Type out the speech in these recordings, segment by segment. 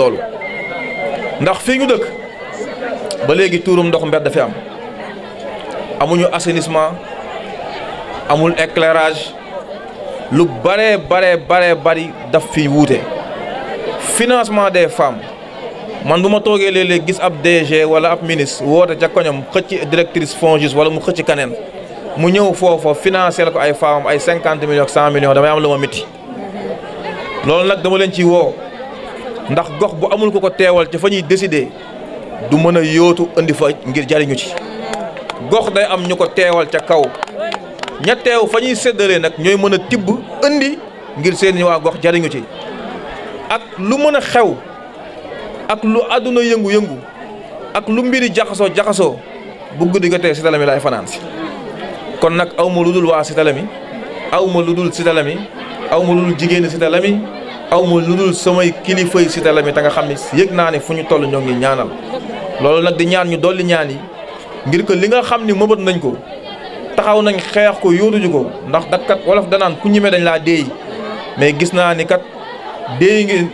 loolu ndax fii ñu dëkk ba léegi tuurum ndox mbedd dafa am amuñu assainissement amul éclairage lu bare bare bare bari daf fi wuute financement des femmes man bu ma toogee léeg-léeg gis ab DG wala ab ministre woote ca koñom xëcc directrice FONGIS wala mu xëcc kaneen mu ñëw foofa financé la ko ay femmes ay cinquante millions ak damay am lu ma miti loolu nag dama leen ci woo ndax gox bu amul ko ko teewal ca fa ñuy décider du mën a yóotu indi fa ngir jariñu ci gox day am ñu ko teewal ca kaw ña teew fa ñuy seddalee nag ñooy mën a tibb indi ngir seeni waa gox jariñu ci ak lu mën a xew ak lu àdduna yëngu-yëngu ak lu mbiri jaxasoo jaxasoo bu guddi jotee Cité Lamy laay fanaan si kon nag awma lu dul waa Cité Lamy awma lu dul Cité Lamy awma lu dul jigéeni Cité Lamy aw ma lu dul samay kilifay Cité Lamy ta nga xam ne yëg naa ne fu ñu toll ñoo ngi ñaanal loolu nag di ñaan ñu dolli ñaan yi ngir ko li nga xam ni mëbët nañ ko taxaw nañ xeex ko yóotuñu ko ndax dak wolof danaan ku ñime dañ laa déey mais gis naa ni kat déey ngeen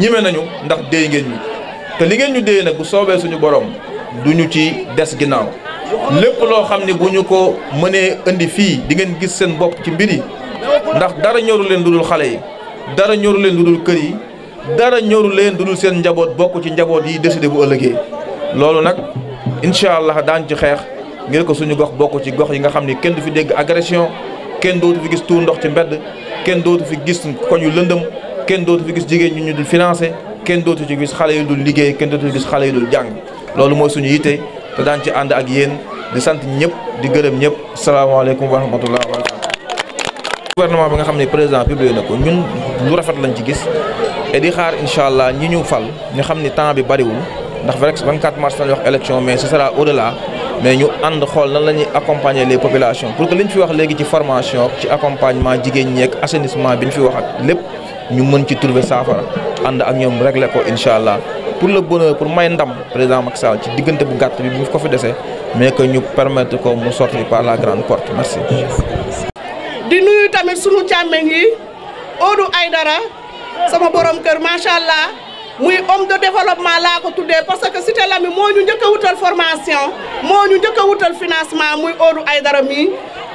ñime nañu ndax déey ngeen ñu te li ngeen ñu déey nag bu soobee suñu borom duñu ci des ginnaaw lépp loo xam ni bu ñu ko mënee indi fii di ngeen gis seen bopp ci mbir yi ndax dara ñoru leen lu dul xale yi. dara ñoru leen lu dul kër yi dara ñoru leen lu dul seen njaboot bokk ci njaboot yi décidé bu ëllëgee loolu nag incha allah daan ci xeex ngir ko suñu gox bokk ci gox yi nga xam ni kenn du fi dégg agression kenn dootu fi gis tuur ndox ci mbedd kenn dootu fi gis koñ yu lëndëm kenn dootu fi gis jigéen ñu ñu dul financé kenn dootu ci gis xale yu dul liggéey kenn dootu fi gis xale yu dul jàng loolu mooy suñu yitte te daan ci ànd ak yéen di sant ñëpp di gërëm ñëpp salaamaaleykum wa rahmatullah gouvernement bi nga xam ne président publié na ko ñun lu rafet lañ ci gis et di xaar incha allah ñi ñu fal ñu xam ni temps bi bariwul ndax vrai 24 mars nañu wax élection mais ce sera au delà mais ñu ànd xool nan la ñuy accompagner pour que li fi wax léegi ci formation ci accompagnement jigéen ñi ak assainissement bi ñu fi wax ak lépp ñu mën ci trouver saafara ànd ak ñoom régler ko incha allah pour le bonheur pour may ndam président Macky Sall ci diggante bu gàtt bi bu ko fi desee mais que ñu permettre ko mu la grande porte merci. di nuyu tamit sunu càmmeñ yi ay dara sama borom kër macha allah muy homme de développement laa ko tuddee parce que Cité Lamy moo ñu njëkk wutal formation moo ñu njëkk wutal financement muy ay dara mii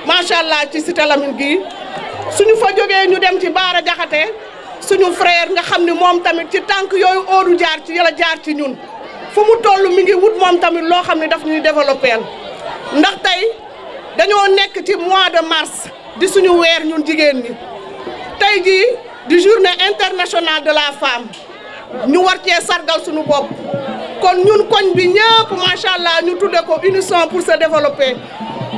macha allah ci Cité Lamy gii suñu fa jógee ñu dem ci Baara Jaxate suñu frère nga xam ni moom tamit ci tànk yooyu Odou jaar ci yàlla jaar ci ñun fu mu toll mi ngi wut moom tamit loo xam ne daf ñuy développé ndax tey dañoo nekk ci mois de mars. di suñu weer ñun jigéen ñi tey jii di journée internationale de la femme ñu war cee sargal suñu bopp kon ñun koñ bi ñëpp macha allah ñu tudde ko unisson pour se développer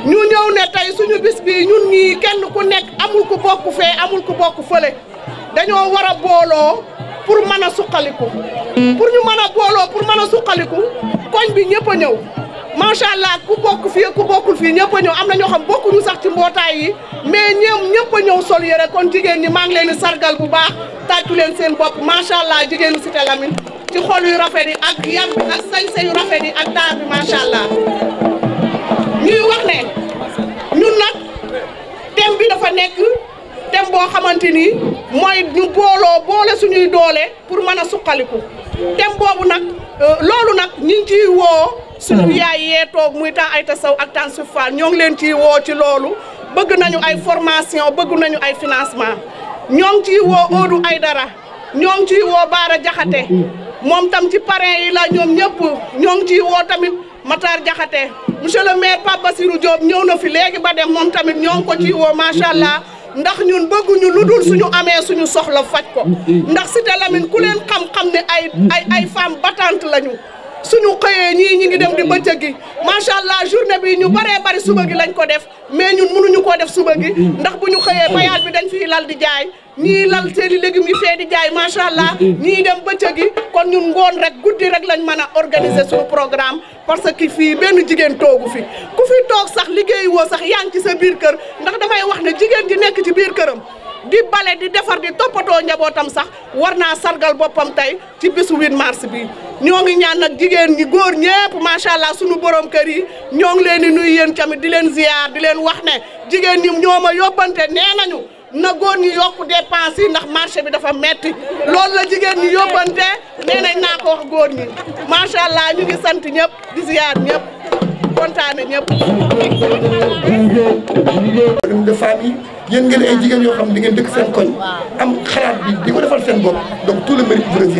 ñu ñëw ne tey suñu bis bi ñun ñii kenn ku nekk amul ku bokk fee amul ku bokk fële dañoo war a booloo pour mën a suqaliku ñu mën a booloo pour mën koñ bi ñëpp ñëw macha allah ku bokk fii ku fii ñëpp a ñëw am na ñoo xam bokkuñu sax ci mbootaay yi mais ñoom sol yére kon jigéen ñi maa ngi leen di sargal bu baax tàccu leen seen bopp macha allah jigéenu Cité Lamine ci xol yu rafet ak yam bi ak sañse yu rafet yi ak daar bi allah ñuy wax ne ñun nag thème dafa nekk thème boo xamante ni mooy ñu booloo boole suñuy doole pour mën a suqaliku thème nag. loolu nag ñu ngi ciy woo suñu hmm. yaay yee toog muy temps ay tasaw ak temps su faal ñoo ngi leen ciy woo ci loolu bëgg nañu ay formation bëgg nañu ay financement ñoo ngi ciy woo hmm. Odou Aydara ñoo ngi ciy woo Baara Jaxate hmm. moom tam ci parrain yi la ñoom ñëpp ñoo ngi ciy woo tamit Matar Jaxate monsieur le maire Pape Bassirou Diop ñëw na fi léegi ba dem moom tamit ñoo ko ciy woo macha allah. ndax ñun bëgguñu lu dul suñu amee suñu soxla faj ko ndax Cité Lamine ku leen xam-xam ne ay ay ay femmes battantes lañu su suñu xëyee ñii ñi ngi dem di bëccëg gi macha allah journée bi ñu baree bari suba gi lañ ko def mais ñun mënuñu koo def suba gi ndax bu ñu xëyee bayal bi dañ fi lal di jaay ñii lal seeni légumes mi fee di jaay macha allah ñii dem bëccëg gi kon ñun ngoon rek guddi rek lañ mën a organiser suñu programme parce que fii benn jigéen toogu fi ku fi toog sax liggéey woo sax yaa ngi ci sa biir kër ndax damay wax ne jigéen ji nekk ci biir këram di bale di defar di toppatoo njabootam sax war naa sargal boppam tey ci bisu 8 mars bi ñoo ngi ñaan nag jigéen ñi góor ñëpp macha allah sunu borom kër yi ñoo ngi leen di nuyu yéen tamit di leen ziar di leen wax ne jigéen ñi ñoo ma yóbbante nee nañu na góor ñi yokk dépense yi ndax marché bi dafa metti loolu la jigéen ñi yóbbante nee nañ naa ko wax góor ñi macha allah ñu ngi sant ñëpp di ziar ñëpp kontaane ñëpp. de yéen ngeen ay jigéen yoo xam ne ngeen dëkk seen koñ am xalaat bi di ko defal seen bopp donc tout le mérite vous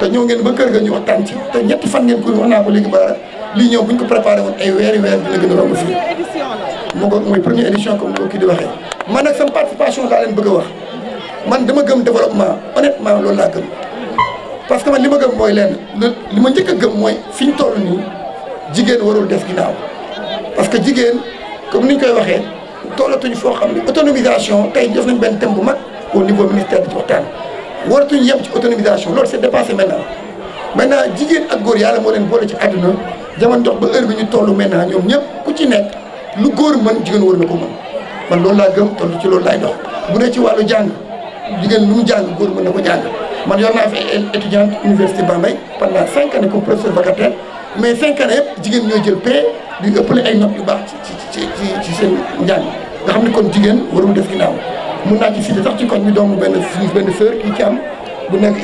te ñëw ngeen ba kër ga ñu waxtaan ci te ñetti fan ngeen ko wax naa ko léegi ba lii ñëw bu ñu ko préparé woon ay weeri weer dina gën a romb fii moo ko man nag sama participation laa leen bëgg a wax man dama gëm développement honnêtement loolu laa gëm parce que man li ma gëm mooy lenn li ma njëkk a mooy fi ñu toll nii jigéen warul def ginnaaw parce que jigéen comme ni ñu koy waxee toolatuñu foo xam ne autonomisation tey def nañ benn thème bu mag au niveau ministère du waxtaan waratuñ yem ci autonomisation loolu c'est dépassé maintenant maintenant jigéen ak góor yàlla moo leen boole ci àdduna jamono dox ba heure bi ñu toll maintenant ñoom ñëpp ku ci nekk lu góor mën jigéen war na ko mën man loolu laa gëm toll ci loolu laay dox bu dee ci wàllu jàng jigéen lu mu jàng góor mën na ko jàng man yor naa fi étudiante université Bambey pendant cinq années comme professeur mais cinq années yëpp jigéen ñoo jël paie di ëppale ay notes yu baax ci ci ci ci seen njàng nga xam ne kon jigéen warul def ginnaaw mun naa ci cité sax ci kon bi doomu benn suñu benn sœur kii Thiam bu nekk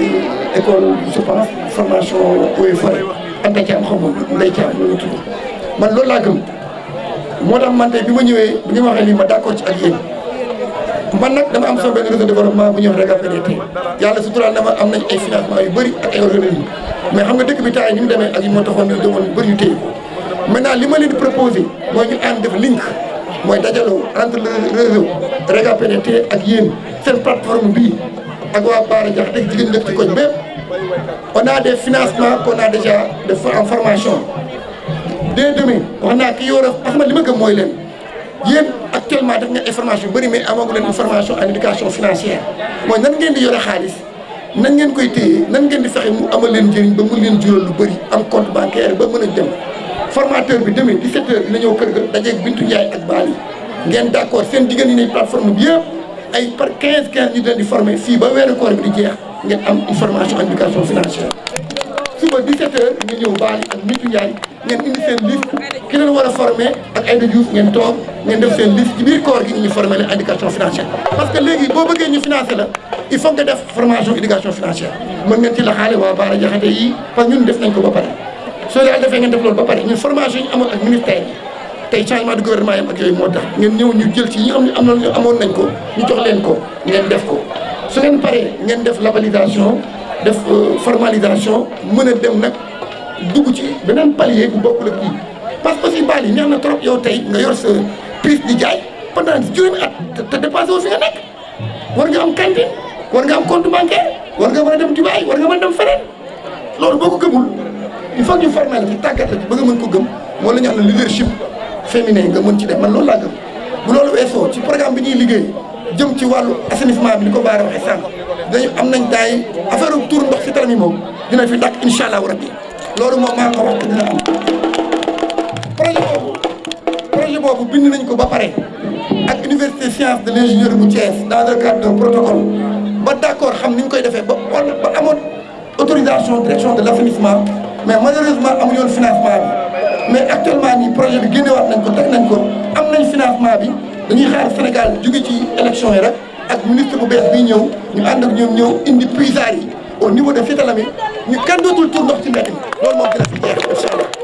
école je pense formation eaux et forêt Anta Thiam xaw ma Ndeye loolu tudd man loolu laa gëm bi ma ñëwee bi nga waxee lii ma d'accord ci ak yéen man nag dama am sama benn réseau de développement bu ñuy wax Rega PDT yàlla suturaal na ma am nañ ay financement yu bëri ak ay organisme mais xam nga dëkk bi taay ni mu demee ak yi moo taxoon ñu demoon yu bëri yu téye maintenant li ma leen di proposé mooy ñu ànd def link mooy dajaloo entre le réseau Réga PDT ak yéen seen plateforme bii ak waa Baara Diax dëgg jigéen ñi dëkk ci koñ bépp on a des financements qu'on a déjà de en formation dès demain wax naa ki yor a xam li ma gëm mooy leen yéen actuellement def nga information yu bëri mais amagu leen information en éducation financière mooy nan ngeen di yore xaalis nan ngeen koy téye nan ngeen di fexe mu amal leen njëriñ ba mun leen jural lu bëri am compte bancaire ba mën a dem formateur bi demain 17h dina ñëw kër ga dajeeg Bintu Ndiaye ak Bali ngeen d' seen jigéen ñi ne plateforme bi yëpp ay par 15 15 ñu di former fii ba weeru koor bi di jeex ngeen am une formation éducation financière. ak Bintu Ndiaye ngeen indi seen liste ki leen war a former ak Aïda Diouf ngeen toog ngeen def seen liste ci biir koor gi ñu former leen éducation financière. parce que léegi boo bëggee ñu financer la i faut nga def formation éducation financière mën ngeen ci laxaale waa Baara Jaxate yi parce soo leen defee ngeen def loolu ba pare ñun formation yi ñu amoon ak militaire yi tey changement de gouvernement yam ak yooyu moo tax ngeen ñëw ñu jël ci ñi xam ne am na ko ñu jox leen ko ngeen def ko su ngeen pare ngeen def labellisation def euh, formalisation mën a dem nag dugg ci beneen palier bu bokk ak kii parce que aussi baal yi neex na trop yow tey nga yor sa prise di jaay pendant juróomi at te dépassé wu fi nga nekk war nga am cantine war nga am conte bancaire war nga mën a dem Dubaï war nga mën dem feneen loolu boo ko il faut ñu former la ci tàggat la ci ba mën ko gëm moo la ñu am leadership féminin nga mën ci def man loolu laa gëm bu loolu weesoo ci programme bi ñuy liggéey jëm ci wàllu assainissement bi ni ko Baara waxee sànq dañu am nañ daay affaire tour ndox si taram yi moom dina fi dàkk incha allahu rabbi loolu moom maa ko wax dina am projet boobu bind nañ ko ba pare ak université science de l' ingénieur bu Thiès dans le cadre ba d' xam ni ñu koy defee ba ba amoon autorisation direction de l' assainissement mais malheureusement amuñu woon financement bi mais actuellement nii projet bi génnewaat nañ ko teg nañ ko am nañ financement bi dañuy xaar Sénégal jóge ci élection yi rek ak ministre bu bees bi ñëw ñu ànd ak ñoom ñëw indi puisard yi au niveau de Fitalam yi ñu kenn dootul tur ndox ci mbedd mi loolu moom dina fi jeex incha allah